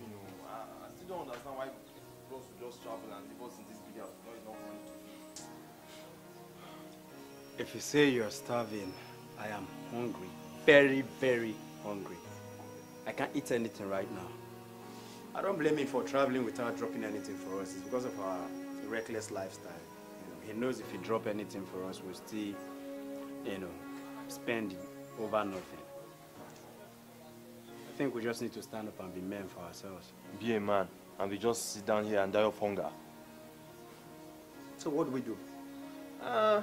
You know. I, I, still don't understand why just travel and leave us in this big house not If you say you are starving, I am hungry. Very, very hungry. I can't eat anything right now. I don't blame him for traveling without dropping anything for us. It's because of our reckless lifestyle. You know, he knows if he drop anything for us, we'll still, you know, spend over nothing think we just need to stand up and be men for ourselves. Be a man, and we just sit down here and die of hunger. So what do we do? Uh,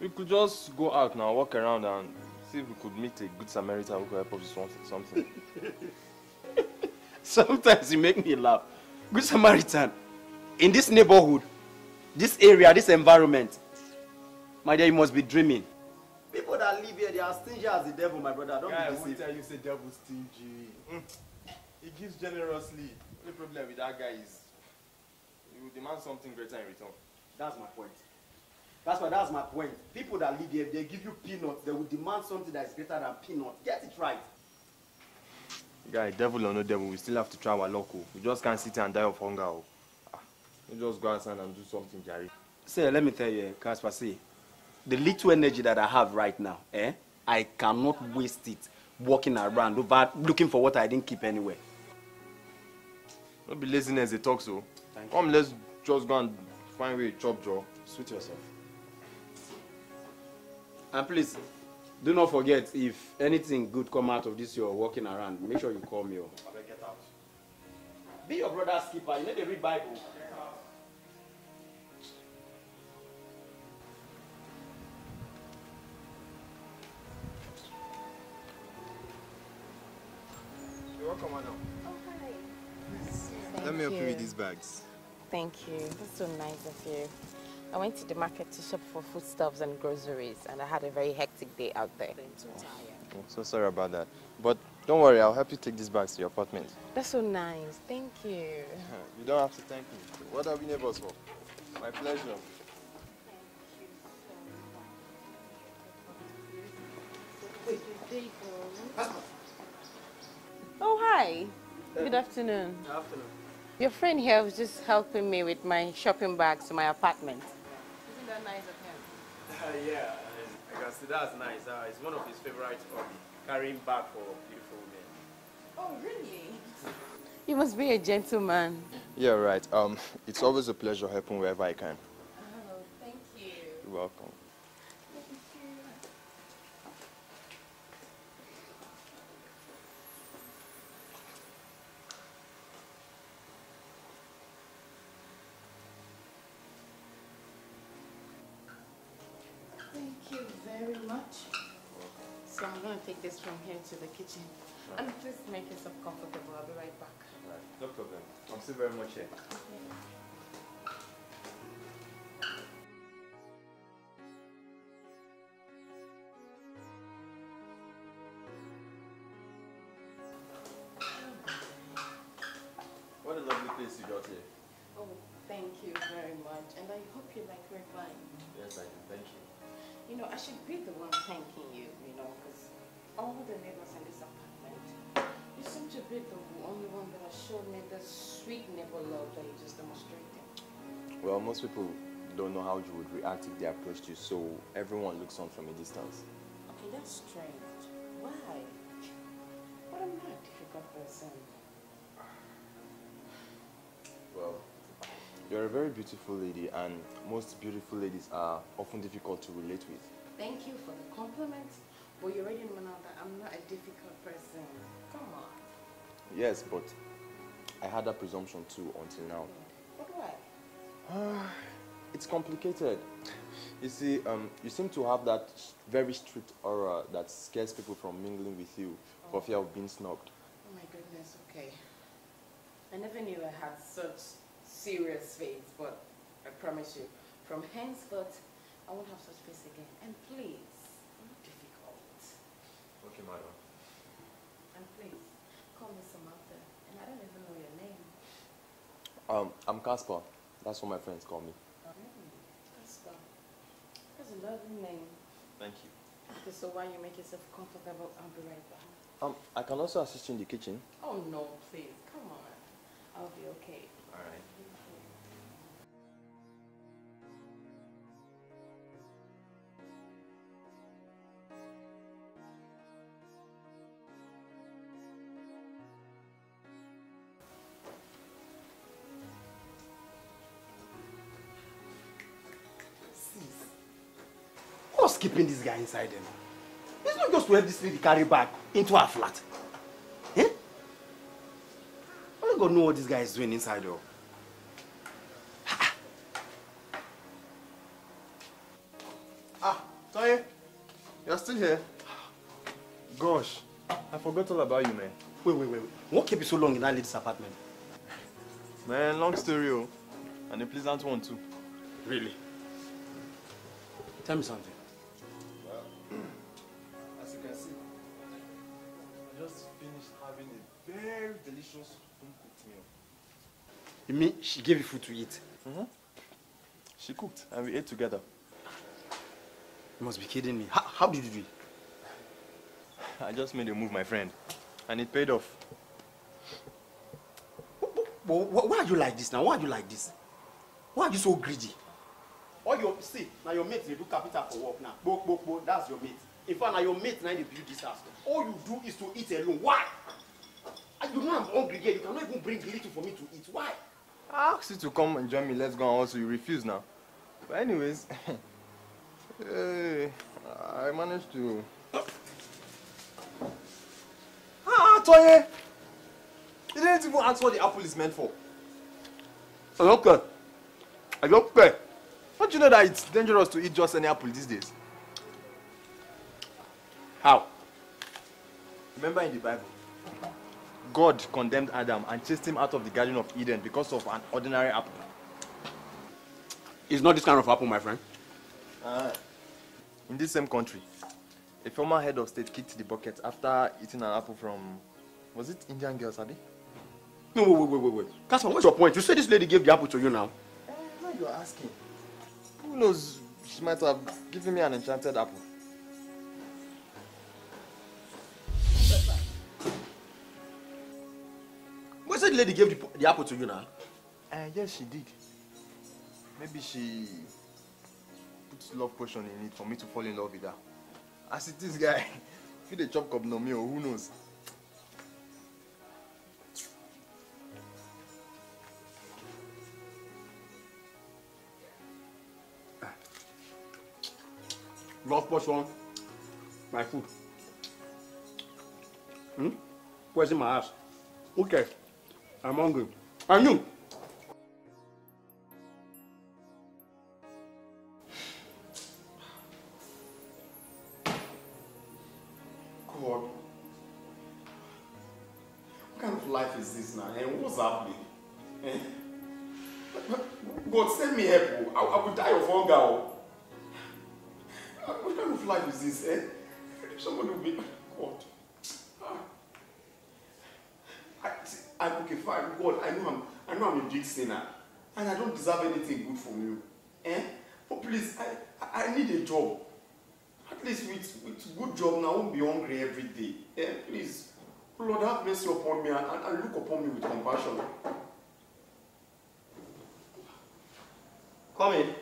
we could just go out now, walk around and see if we could meet a good Samaritan who could help us with something. Sometimes you make me laugh. Good Samaritan, in this neighborhood, this area, this environment, my dear, you must be dreaming. that live here, they are stingy as the devil, my brother. Don't Guy, be deceived. I tell you, say devil stingy. Mm. He gives generously. The problem with that guy is you demand something greater in return. That's my point. That's why that's my point. People that live here, they give you peanuts, they will demand something that is greater than peanuts. Get it right. Guy, devil or no devil, we still have to try our luck. Oh. We just can't sit here and die of hunger. Oh. Ah, we just go outside and do something, Jerry. Say, let me tell you, Casper, see, the little energy that I have right now, eh, I cannot waste it walking around over looking for what I didn't keep anywhere. Don't be laziness they talk so. Oh. Thank Come, you. let's just go and find way chop jaw. Suit yourself. And please, do not forget if anything good come out of this you're walking around, make sure you call me. Oh. get out. Be your brother's keeper. You know they read Bible. help you. with these bags. Thank you. That's so nice of you. I went to the market to shop for foodstuffs and groceries, and I had a very hectic day out there. I'm so tired. I'm so sorry about that. But don't worry, I'll help you take these bags to your apartment. That's so nice. Thank you. you don't have to thank me. What have we neighbors for? My pleasure. Oh, hi. Good afternoon. Good afternoon. Your friend here was just helping me with my shopping bags to my apartment. Isn't that nice of him? Uh, yeah, I can see that's nice. Uh, it's one of his favorite hobbies, carrying bags for beautiful men. Oh, really? You must be a gentleman. Yeah, right. Um, it's always a pleasure helping wherever I can. Oh, thank you. You're welcome. to the kitchen. Right. And please make yourself comfortable. I'll be right back. Right. No problem. I'm still very much here. Eh? Okay. What a lovely place you got here. Oh, thank you very much. And I hope you like your wine. Yes, I do. Thank you. You know, I should be the one thanking you, you know, because all the neighbors in this apartment, you seem to be the only one that has shown me the sweet neighbor love that you just demonstrated. Well, most people don't know how you would react if they approached you, so everyone looks on from a distance. Okay, that's strange. Why? What am I a difficult person? Well, you're a very beautiful lady, and most beautiful ladies are often difficult to relate with. Thank you for the compliment. But you already know now that I'm not a difficult person. Come on. Yes, but I had that presumption too until now. But why? it's complicated. You see, um, you seem to have that very strict aura that scares people from mingling with you oh. for fear of being snubbed. Oh my goodness, okay. I never knew I had such serious face, but I promise you, from henceforth, I won't have such face again. And please, and please, call me Samantha. And I don't even know your name. Um, I'm Casper. That's what my friends call me. Mm, Casper. That's a lovely name. Thank you. Okay, so while you make yourself comfortable, I'll be right back. Um, I can also assist you in the kitchen. Oh, no, please. Come on. I'll be okay. All right. keeping this guy inside them? It's not just to help this lady carry back into her flat. Eh? Only God know what this guy is doing inside her. Ah, Toye, you're still here. Gosh, I forgot all about you, man. Wait, wait, wait. wait. What kept you so long in that lady's apartment? Man, long story, oh. And a pleasant one, too. Really? Tell me something. finished having a very delicious home-cooked meal. You mean she gave you food to eat? Mm -hmm. She cooked and we ate together. You must be kidding me. How, how did you do it? I just made a move, my friend. And it paid off. Why are you like this now? Why are you like this? Why are you so greedy? All your, see, now your mate, they do capital for work now. Bo, bo, bo, that's your mate in fact na your mate na dey build dis house all you do is to eat alone why and ah, you know i'm hungry here you cannot even bring little for me to eat why. i asked you to come and join me let's go and also you refuse now but anyways hey, eh, i managed to. ah Toye you didn't even ask what the apple is meant for. i don't care i don't care don't you know that it's dangerous to eat just any apple these days. How? Remember in the Bible, God condemned Adam and chased him out of the Garden of Eden because of an ordinary apple. It's not this kind of apple, my friend. Uh, in this same country, a former head of state kicked the bucket after eating an apple from, was it Indian girls, Abby? No, wait, wait, wait, wait. Casper, what's your point? You say this lady gave the apple to you now. Uh, now you're asking. Who knows? She might have given me an enchanted apple. lady gave the, the apple to you now? Uh, yes, she did. Maybe she put love potion in it for me to fall in love with her. As it is, guy, if they chop cup no me, oh, who knows? Love potion, my food. Hmm? Poison my ass. Okay. I'm hungry. And you? God. What kind of life is this now? And eh, what's happening? Eh? God, send me help. Oh. I, will die of hunger. Oh. What kind of life is this? Eh? Somebody will be... God. I, okay, fine, God, I know I'm, I know I'm a big sinner, and I don't deserve anything good from you. Eh? But please, I, I need a job. At least with, with good job now, I won't be hungry every day. Eh? Please, Lord, have mercy upon me and, and look upon me with compassion. Come in.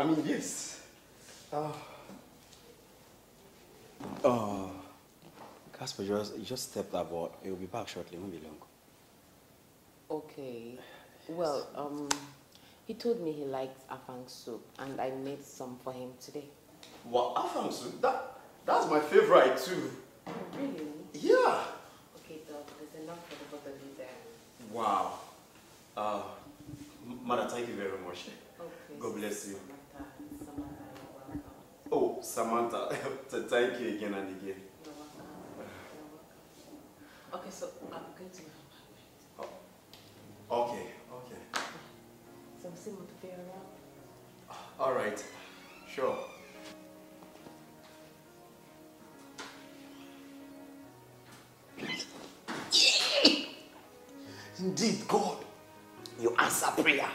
I mean, yes. Oh. Oh. Casper, just, you just stepped aboard. He will be back shortly. It won't be long. Okay. Well, um, he told me he likes afang soup, and I made some for him today. Well, afang soup? That, that's my favorite too. really? Yeah. Okay, Doc, there's enough for the both of you there. Wow. Uh, Mother, thank you very much. Okay. God bless you. Samantha, thank you again and again. You're welcome. You're welcome. Okay, so I'm going to my apartment. Oh. Okay, okay. So I'm seeing to be around. All right, sure. Indeed, God, you answer prayer.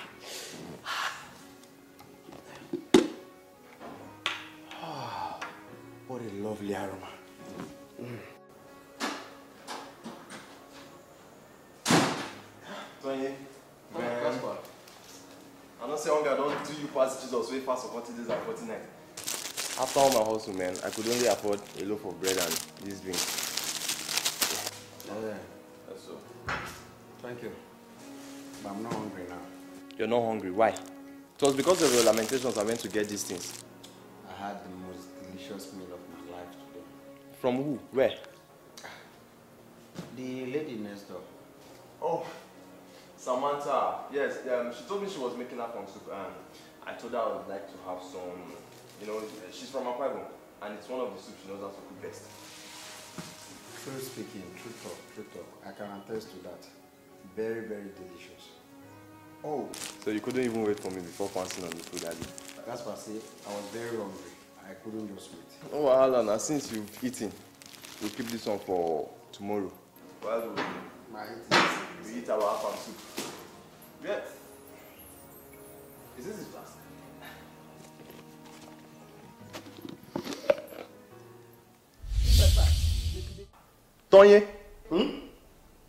stores wey pass for 40 days and 40 nights. After all my hustle, man, I could only afford a loaf of bread and this drink. Yeah. yeah. That's all. Thank you. But I'm not hungry now. You're not hungry? Why? It was because of your lamentations I went to get these things. I had the most delicious meal of my life today. From who? Where? The lady next door. Oh, Samantha. Yes, um, she told me she was making up on soup. Um, I told her I would like to have some, you know, she's from Apaibo, and it's one of the soups she knows how to cook best. True speaking, true talk, true talk. I can attest to that. Very, very delicious. Oh. So you couldn't even wait for me before passing on the food, Daddy? That's what I say. I was very hungry. I couldn't just wait. Oh, Alana, since you've eaten, we'll keep this one for tomorrow. Well, we, My we eat our half soup. Yes. Is this his Tonye, hmm?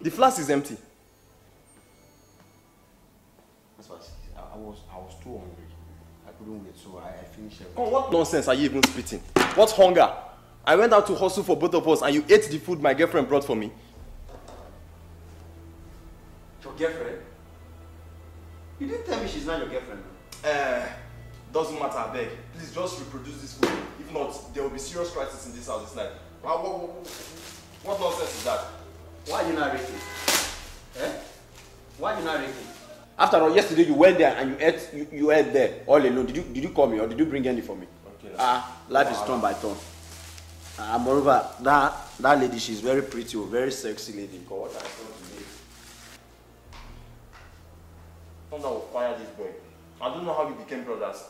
the flask is empty. That's what I, I was. I was too hungry. I couldn't wait, so I, I finished everything. Oh, what nonsense are you even spitting? What hunger? I went out to hustle for both of us, and you ate the food my girlfriend brought for me. Your girlfriend? You didn't tell me she's not your girlfriend. Uh, doesn't matter, I beg. Please just reproduce this food. If not, there will be serious crisis in this house tonight. What nonsense is that? Why are you not raking? Eh? Why are you not raking? After all, yesterday you went there and you ate you, you ate there all alone. Did you did you call me or did you bring any for me? Okay. Ah, life wow. is turn by turn. Ah, uh, moreover, that that lady she's very pretty, oh, very sexy lady. God, what I saw today. Thunder will fire this boy. I don't know how we became brothers.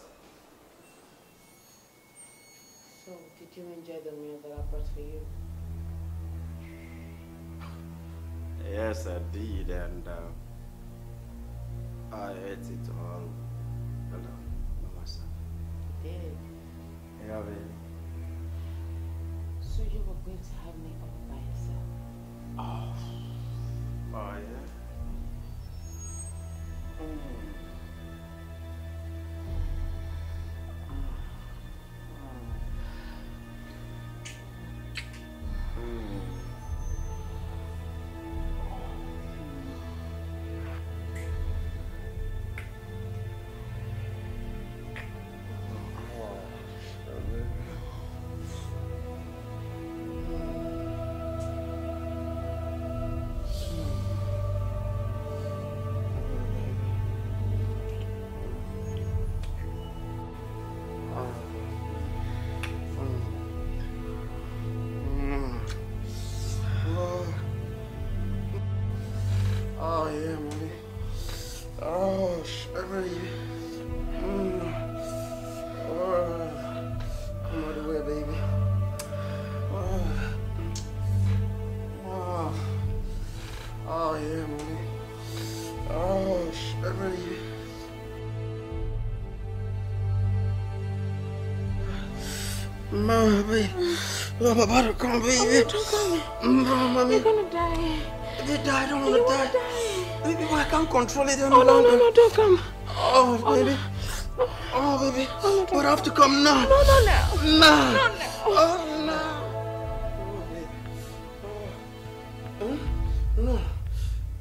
So, did you enjoy the meal that I brought for you? Yes, I did, and uh, I ate it all alone by myself. You did? Yeah, baby. So you were going to have me all by yourself? Oh. Oh, yeah. Mm. baby. oh about baby. Oh, baby. You're gonna die. die, I don't wanna die. die. Baby, I can't control it. Oh, no, no, don't come. Oh, oh, oh baby. Oh, baby. Oh, have to come now. No, no, no. No, Oh, no. Oh, no.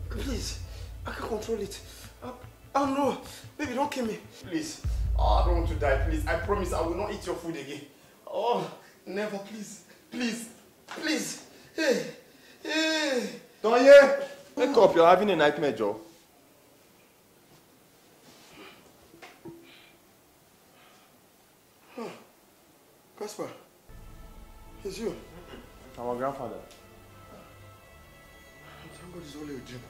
Please. I can't control it. I, oh, no. Baby, don't kill me. Please. Oh, I don't want to die, please. I promise I will not eat your food again. please. Please. Please. Hey. Hey. Don't you wake up. You're having a nightmare, Joe. Oh, Casper, it's you. Our grandfather. Somebody's only a dream.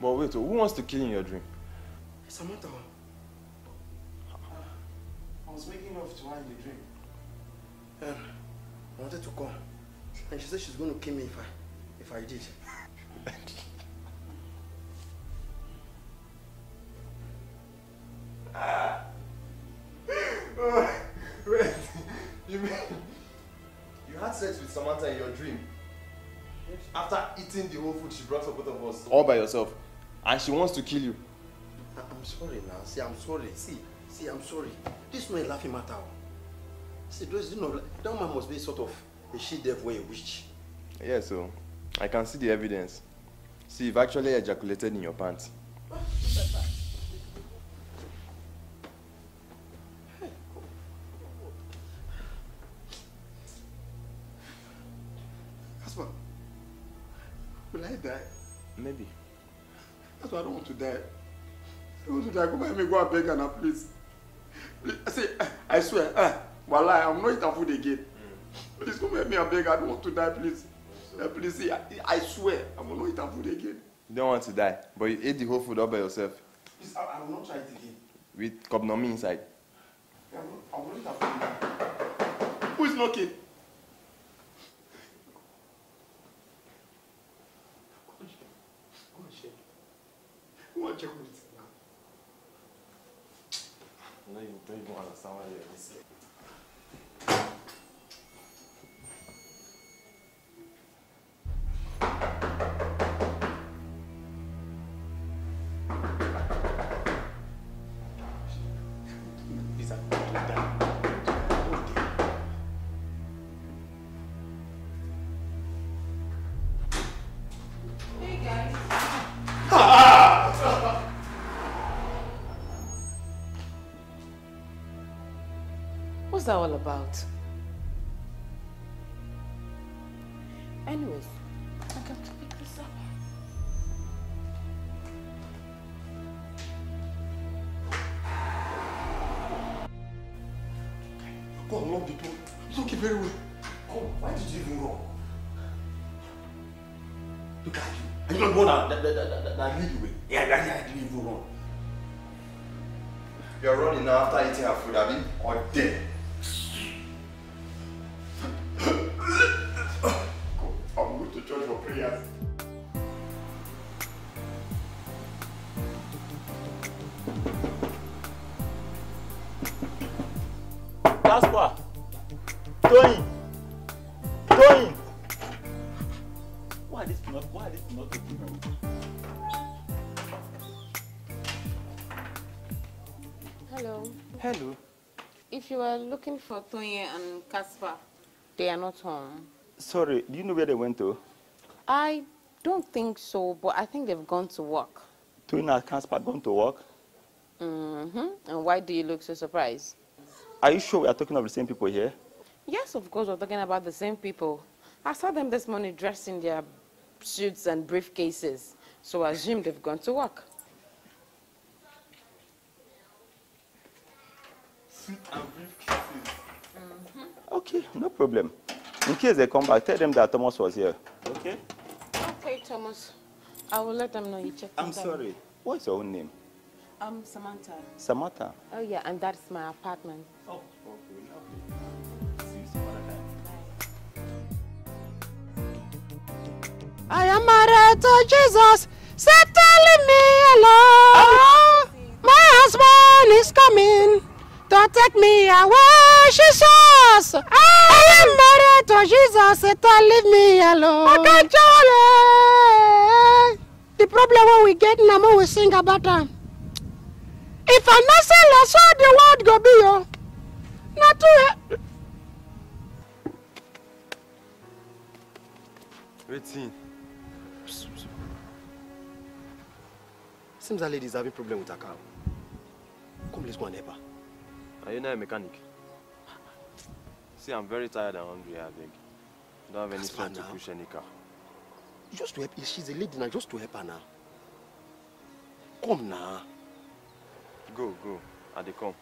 But wait, who wants to kill in your dream? Samantha. I was making love to her in the dream. Um, I wanted to come. And she said she's going to kill me if I, if I did. oh, wait, you mean you had sex with Samantha in your dream? After eating the whole food she brought for both of us? All by yourself. And she wants to kill you. I'm sorry now. See, I'm sorry. See, see, I'm sorry. This is not a laughing matter. Oh. See, those, you know, that man must be sort of a she devil witch. Yeah, so I can see the evidence. See, you actually ejaculated in your pants. Casper, will I die? Maybe. That's why I don't want to die. I don't want to die. Come and me go and beg Anna, now, please. I say, I swear. Ah. Wallahi, I'm not eat food again. Mm. Please come help me, I beg. I don't want to die, please. Yes, please, see, I, I swear, I'm not eat food again. You don't want to die, but you ate the whole food all by yourself. Please, I, I will not try it again. With cognomy inside. Yeah, I will not eat food again. Who is knocking? check you want? No, you don't even understand what you're doing. What's that all about? Anyways, I got to pick this up. Go unlock the door. very well. Come, why did you even go? Look at you. I you not that, Yeah, you You're running now after eating her food, mean, or dead. looking for Tony and Casper. They are not home. Sorry, do you know where they went to? I don't think so, but I think they've gone to work. Tony and Casper gone to work? Mm-hmm. And why do you look so surprised? Are you sure we are talking of the same people here? Yes, of course, we're talking about the same people. I saw them this morning dressed in their suits and briefcases, so I assume they've gone to work. Okay, no problem. In case they come back, tell them that Thomas was here. Okay? Okay, Thomas. I will let them know you checked. I'm sorry. What's your own name? I'm Samantha. Samantha? Oh, yeah, and that's my apartment. Oh, okay. okay. I am married to Jesus. Settling me alone. Ah! My husband is coming. Don't take me away, Jesus. I am married to Jesus. Don't leave me alone. I can't The problem when we get now, more we sing about them. Um, if I'm not saying so the world go be yo. Oh. Not to see. Seems that lady's having problem with her car. Come, let's go and help her. Are you not a mechanic? See, I'm very tired and hungry, I think. I don't have any strength to push any car. Just to help, she's a lady now, just to help her now. Come now. Go, go. I they come.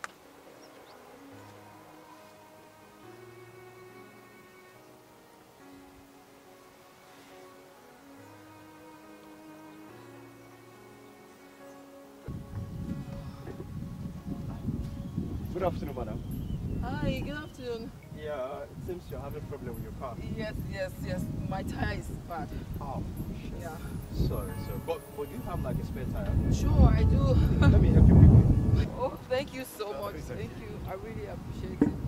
Good afternoon, madam. Hi, good afternoon. Yeah, it seems you're having a problem with your car. Yes, yes, yes. My tire is bad. Oh, shit. Yeah. Sorry, sir. But, but you have like a spare tire? Sure, I do. Let me help you quickly. Oh, thank you so no, much. Thank you. I really appreciate it.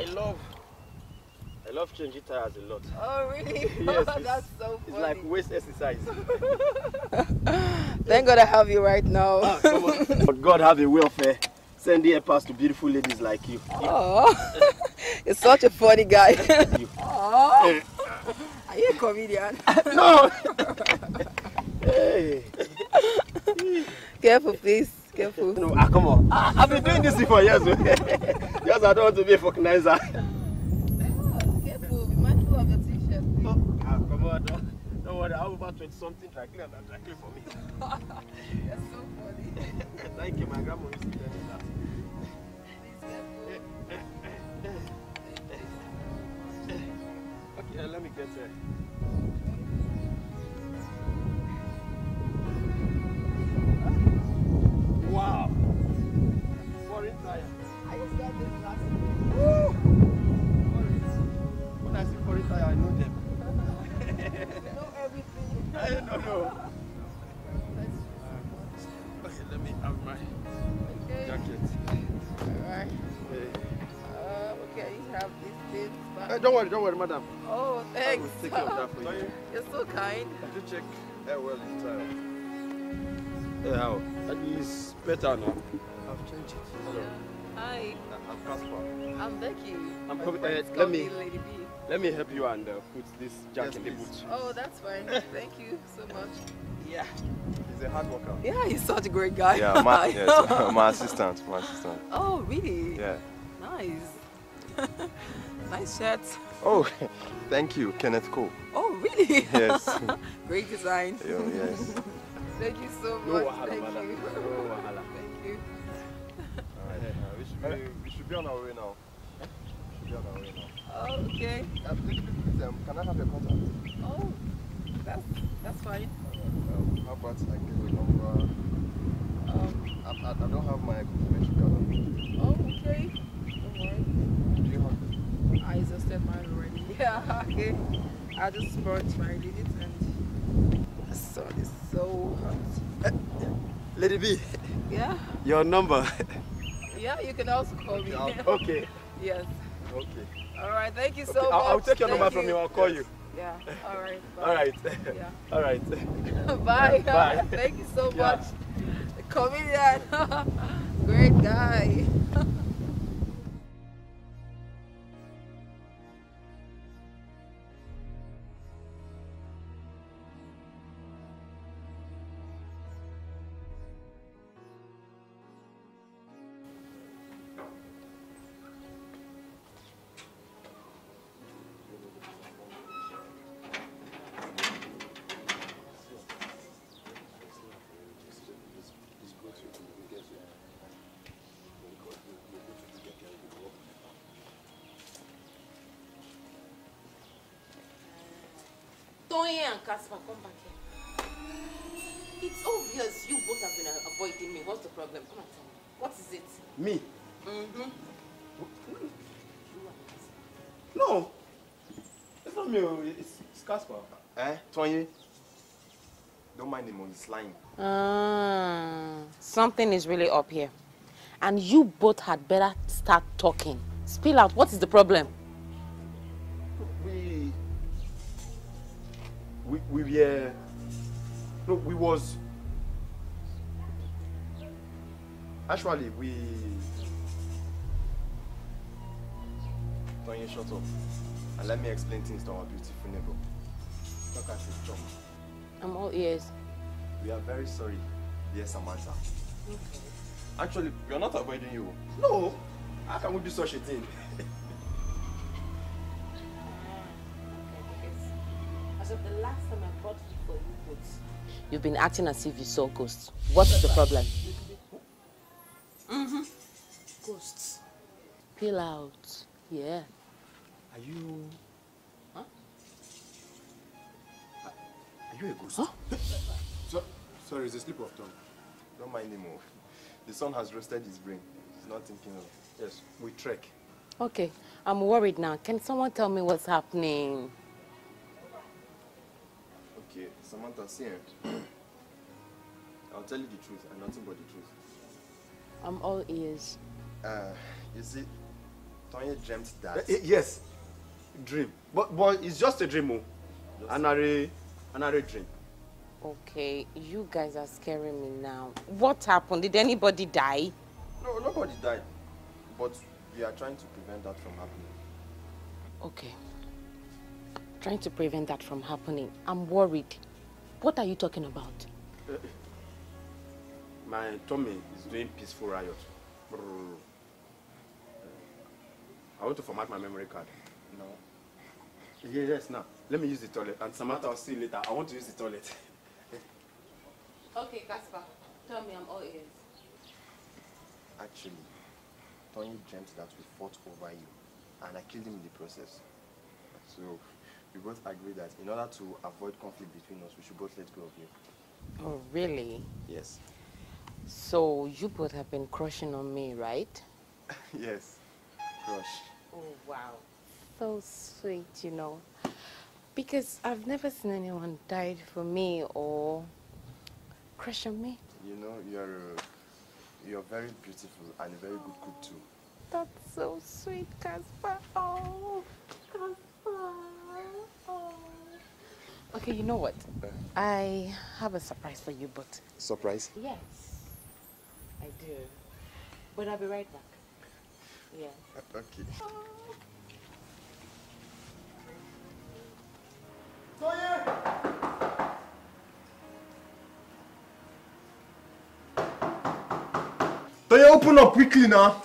I love I love changing tires a lot. Oh really? yes, that's so funny. It's like waist exercise. Thank God I have you right now. Ah, come on. but God have a welfare. Send the air pass to beautiful ladies like you. Oh, you're such a funny guy. oh, are you a comedian? no. Hey. Careful, please. Careful. No, ah, come on. Ah, I've been doing this for years. yes, I don't want to be a fucknizer. careful. Be mindful of your t-shirt. Oh, ah, come on. Don't, don't worry. I have about 20 something tracking and tracking for me. you so funny. Thank you. My grandma used to tell me that. okay, let me get there. Uh, Wow. Foreign tire. I just got this last week. Woo! When I see foreign tire, I know them. you know everything. I don't know. okay, let me have my okay. jacket. okay, uh, you have this thing. Hey, don't worry, don't worry, madam. Oh, thanks. I will take care of that for you. You're so kind. Did you check? Hey, well, in uh, yeah, that is better now. I've changed it. Hi. Uh, I'm Casper. I'm Becky. I'm coming. Uh, let me. Lady B. Let me help you and uh, put this jacket yes, in the boot. Oh, that's fine. Thank you so much. Yeah. He's a hard worker. Yeah, he's such a great guy. Yeah, my, yes, my assistant. My assistant. Oh, really? Yeah. Nice. nice shirt. Oh, thank you, Kenneth Cole. Oh, really? Yes. great design. Yeah, yes. Thank you so much. No wahala, madam. No wahala. Thank you. Alright, we, should be, we should be on our way now. We should be on our way now. Okay. Uh, please, please, um, can I have your contact? Oh, that's, that's fine. Uh, um, how about I get your number? Um, I, I, I don't have my confirmation card on me. Oh, okay. Don't worry. Do you have it? I exhausted mine already. Yeah, okay. I just brought my lady the sun is so hot. Lady B. Yeah? Your number. yeah, you can also call me. Okay. yes. Okay. All right, thank you so okay. much. I'll, take your number you. from you, I'll call yes. you. Yeah, all right. Bye. All right. Yeah. All right. bye. Bye. Thank you so yeah. much. Comedian. Great guy. Casper, come back here. It's obvious you both have been uh, avoiding me. What's the problem? Come and tell me. What is it? Me? Mm-hmm. No. It's not me. Oh. It's, it's Casper. Eh? Tony? Don't mind him on oh. his line. Mm. something is really up here. And you both had better start talking. Spill out. What is the problem? we, were, no, we was, actually we, Toyin, shut up and let me explain things to our beautiful neighbor. at I'm all ears. We are very sorry, dear Samantha. Okay. Actually, we are not avoiding you. No, how can we do such a thing? of the last time I bought you for you You've been acting as if you saw ghosts. What's the problem? Mm-hmm. Ghosts. Peel out. Yeah. Are you... Huh? Are you a ghost? Huh? so, sorry, it's a slip of tongue. Don't mind him. Off. Oh. The sun has rested his brain. He's not thinking of Yes, we trek. Okay, I'm worried now. Can someone tell me what's happening? Samantha, see, I'll tell you the truth and nothing but the truth. I'm all ears. Uh, you see, Tonya dreamt that. Uh, yes, dream. But but it's just a dream, oh. another, another dream. Okay, you guys are scaring me now. What happened? Did anybody die? No, nobody died. But we are trying to prevent that from happening. Okay. Trying to prevent that from happening. I'm worried. What are you talking about? Uh, my tummy is doing peaceful riot. Uh, I want to format my memory card. No. Yes, yes, now. Let me use the toilet. And Samantha, I'll see you later. I want to use the toilet. okay, Casper. Tell me I'm all ears. Actually, Tony dreamt that we fought over you. And I killed him in the process. So, we both agree that in order to avoid conflict between us, we should both let go of you. Oh, really? Yes. So you both have been crushing on me, right? yes, crush. Oh, wow. So sweet, you know. Because I've never seen anyone die for me or crush on me. You know, you're uh, you're very beautiful and a very good cook too. That's so sweet, Caspar. Oh. Okay, you know what? Uh-huh. I have a surprise for you, but... Surprise? Yes, I do. But I'll be right back. Yeah. Uh, thank you. Toye! Toye, open up quickly now!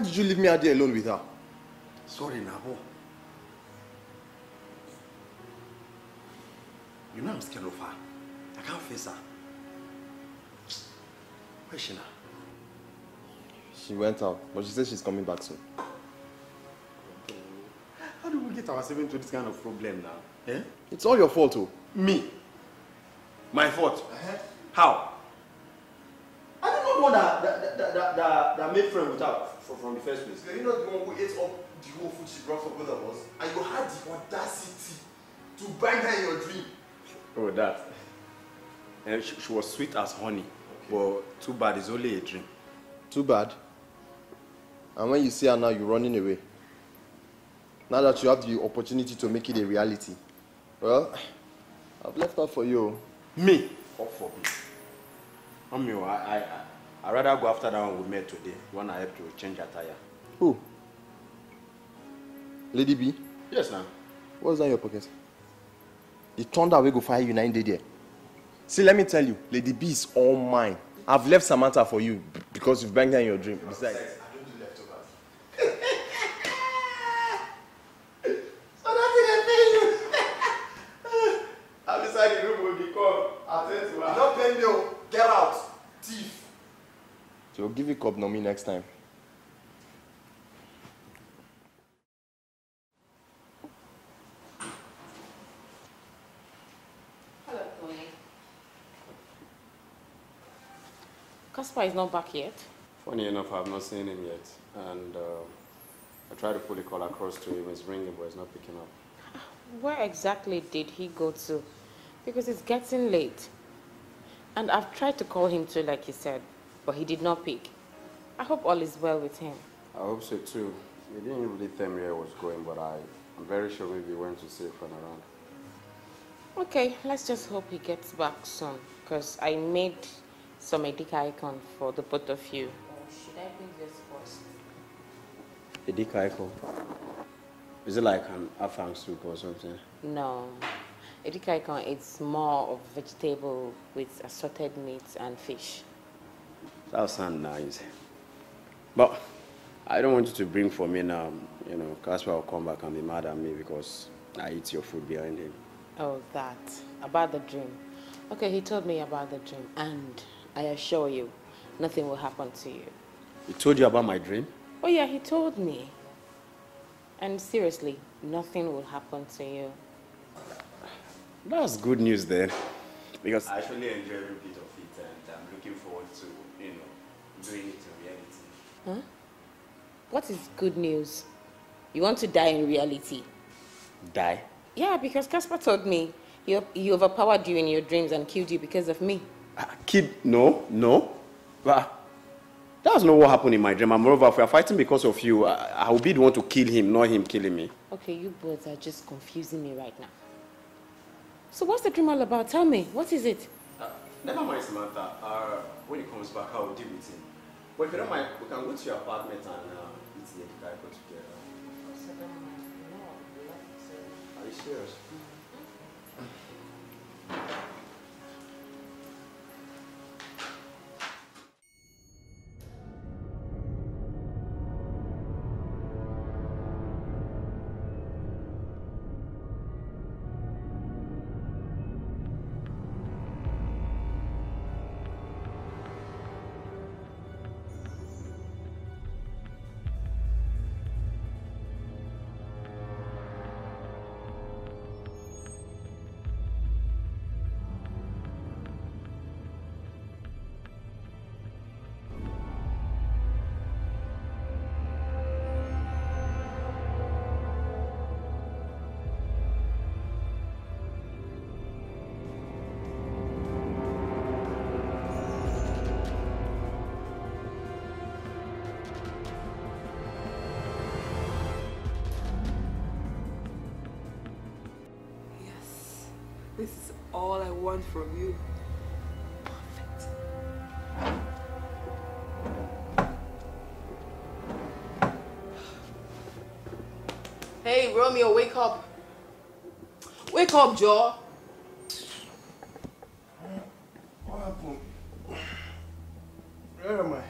Why did you leave me out there alone with her? Sorry, Nabo. You know I'm scared of her. I can't face her. Where is she now? She went out, but she says she's coming back soon. How do we get ourselves into this kind of problem now? Eh? It's all your fault, oh. Me? My fault? Uh -huh. How? I did not know that, that, that, that, that, that made friend without from, from the first place. Were you not the one who ate up the whole food she brought for both of us? And you had the audacity to bind her in your dream. Oh, that. And eh, she, she was sweet as honey. Okay. But too bad, it's only a dream. Too bad? And when you see her now, you're running away. Now that you have the opportunity to make it a reality. Well, I've left her for you. Me? For me. I'm mean, I, I, I I'd rather go after that one we met today when I helped to change tire. Who? Lady B? Yes, now. What's that in your pocket? The thunder will go fire you nine day there. See, let me tell you, Lady B is all mine. I've left Samantha for you because you've banged her in your dream. Besides. don't pay you. the room oh. will Get out, thief! So give you cup nomi next time. Hello, Tony. Caspar is not back yet. Funny enough, I have not seen him yet. And uh, I tried to pull a call across to him. He's ringing, but he's not picking up. Where exactly did he go to? Because it's getting late. And I've tried to call him too, like he said, but he did not pick. I hope all is well with him. I hope so too. He didn't really tell me where I was going, but I, I'm very sure maybe he went to see and around. Okay, let's just hope he gets back soon, because I made some Edika icon for the both of you. should I bring this first? Edika icon? Is it like an afang soup or something? No. Edika icon, it's more of vegetable with assorted meats and fish. That would sound nice. But I don't want you to bring for me now. You know, Casper will come back and be mad at me because I eat your food behind him. Oh, that. About the dream. Okay, he told me about the dream. And I assure you, nothing will happen to you. He told you about my dream? Oh, yeah, he told me. And seriously, nothing will happen to you. That's good news then. Because I actually enjoy repeat doing it in reality. Huh? What is good news? You want to die in reality? Die? Yeah, because Casper told me he, he overpowered you in your dreams and killed you because of me. Uh, kid, no, no. Uh, that's not what happened in my dream. And moreover, if we are fighting because of you, I, I will be the one to kill him, not him killing me. Okay, you both are just confusing me right now. So what's the dream all about? Tell me, what is it? Uh, never mind, Samantha. Uh, when he comes back, I will deal with him. But if you don't mind, we can go to your apartment and uh, eat the Edikaiko together. Are you serious? all I want from you. Hey, Romeo, wake up. Wake up, Joe. What happened? Where am I?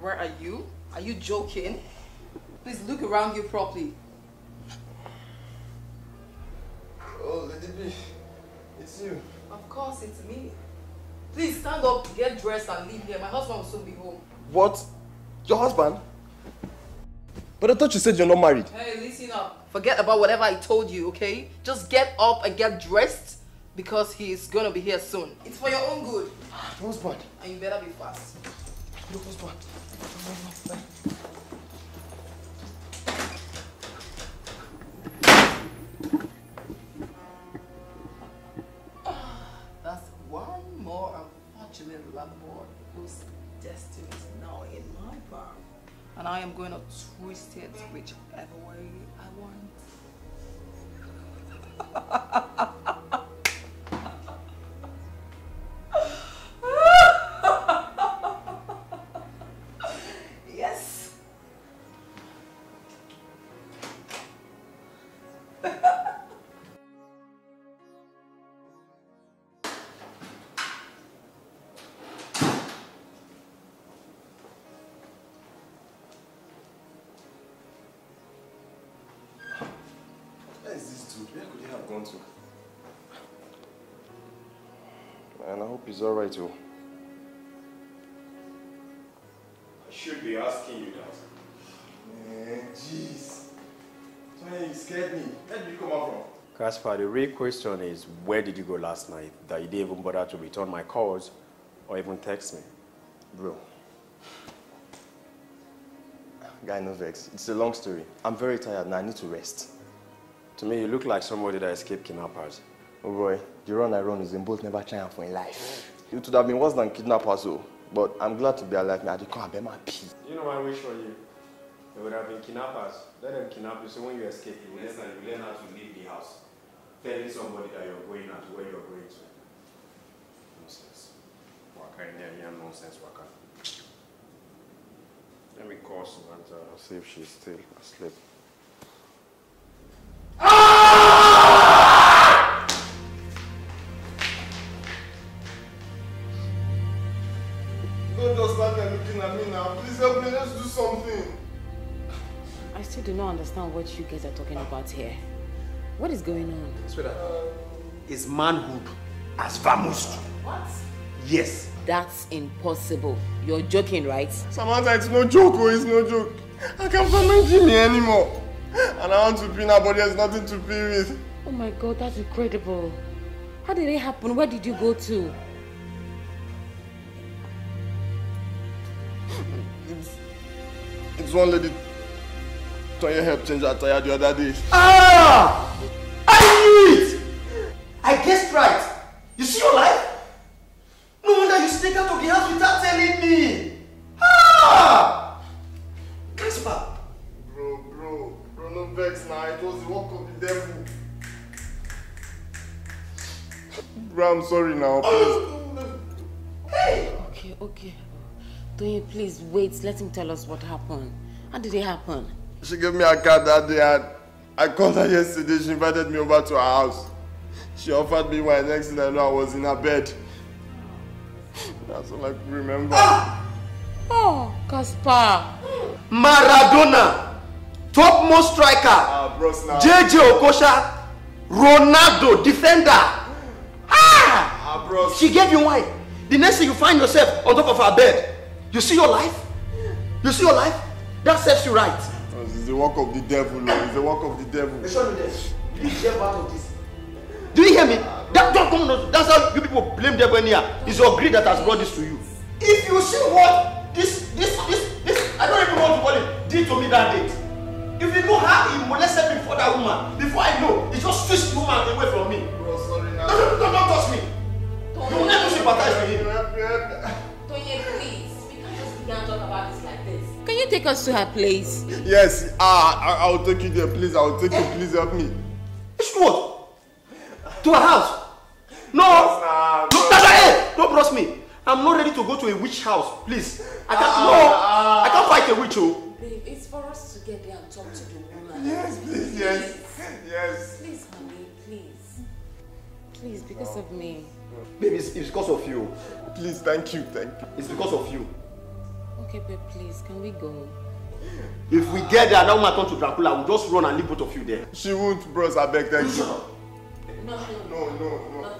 Where are you? Are you joking? Please look around you properly. dress and leave here. My husband will soon be home. What? Your husband? But I thought you said you're not married. Hey, listen up. Forget about whatever I told you, okay? Just get up and get dressed because he's gonna be here soon. It's for your own good. Your husband. And you better be fast. Your husband. and I am going to twist it whichever way I want. Where could he have gone to? And I hope he's alright too. I should be asking you that. Man, jeez. Tony, you scared me. Where did you come out from? Caspar, the real question is, where did you go last night that you didn't even bother to return my calls or even text me? Bro. Guy, no vex. It's a long story. I'm very tired and I need to rest. To me, you look like somebody that escaped kidnappers. Oh boy, the run I run is in both never trying for in life. It would have been worse than kidnappers, though. But I'm glad to be alive, man. I did come my peace. You know my wish for you? They would have been kidnappers. Let them kidnap you, so when you escape, you will learn, you learn how to leave the house. Telling somebody that you're going and where you're going to. Nonsense. Waka in there, yeah, nonsense, Waka. Let me call Samantha and see if she's still asleep. I still do not understand what you guys are talking about here. What is going on? Sweetheart, is manhood as vamoosed. What? Yes. That's impossible. You're joking, right? Samantha, it's no joke, oh, it's no joke. I can't find Jimmy anymore. And I want to pee now, but there's nothing to pee with. Oh my God, that's incredible. How did it happen? Where did you go to? It's, it's one lady Toye helped change her tire the other day. Ah! I knew it! I guessed right. You see your life? No wonder you sneak out of the house without telling me. Ah! Casper. Bro, bro, bro, no vex now. It was the work of the devil. Bro, I'm sorry now, please. hey! Okay, okay. Don't you please wait. Let him tell us what happened. How did it happen? She gave me a card that day and I called her yesterday. She invited me over to her house. She offered me wine. Next thing I know, I was in her bed. That's all I could remember. Ah! Oh, Caspar. Maradona, topmost striker. Ah, Brosnan. JJ Okosha, Ronaldo, defender. Ah! ah bros. She gave you why. The next thing you find yourself on top of her bed. You see your life? You see your life? That sets you right. It's the work of the devil, Lord. It's the work of the devil. Do you hear part of this? Do you hear me? That, don't come That's how you people blame devil here. It's your greed that has brought this to you. If you see what this, this, this, this, I don't even want to call it, did to me that day. If you know how he molested me for that woman, before I know, he just switched the woman away from me. Bro, sorry now. No, no, no, don't touch me. Don't you will never sympathize with him. Tonye, please, we can't just begin to talk about this. Can you take us to her place? Yes, ah, I, I will take you there, please. I will take you. Please help me. Which what? To her house? No, yes, nah, no, Hey, don't trust me. I'm not ready to go to a witch house, please. I can't. Ah, no, ah, I can't fight a witch, oh. Babe, it's for us to get there and talk to the woman. Yes, please, yes, yes. Please, honey, please, please, because no. of me. Babe, it's, it's because of you. Please, thank you, thank you. It's because of you. Okay, please, can we go? If we get there, now woman turn to Dracula, we'll just run and leave both of you there. She won't, bros, I beg, thank you. No, no, no. no.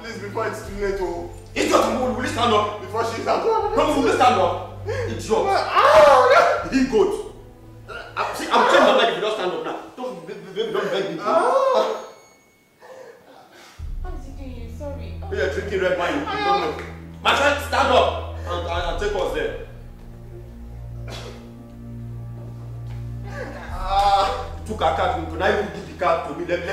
Please, before it's too late, oh. Idiot, will you stand up? Before she stands up. No, will you stand up? Idiot. Ah! He goes. Uh, I'm, see, I'm telling my mind if you don't stand up now. Don't, don't beg me. Ah! What is he doing? Sorry. Oh. drinking red wine. Ah. My child, stand up and, and, and take us there. Ah, took her card. Could I even give the card to me? Let, me.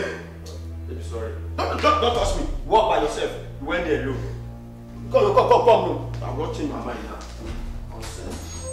Let me sorry. Don't, don't, don't ask me. Walk by yourself. You went there alone. Come, come, come, come. No. I'm watching my mind now. Consent.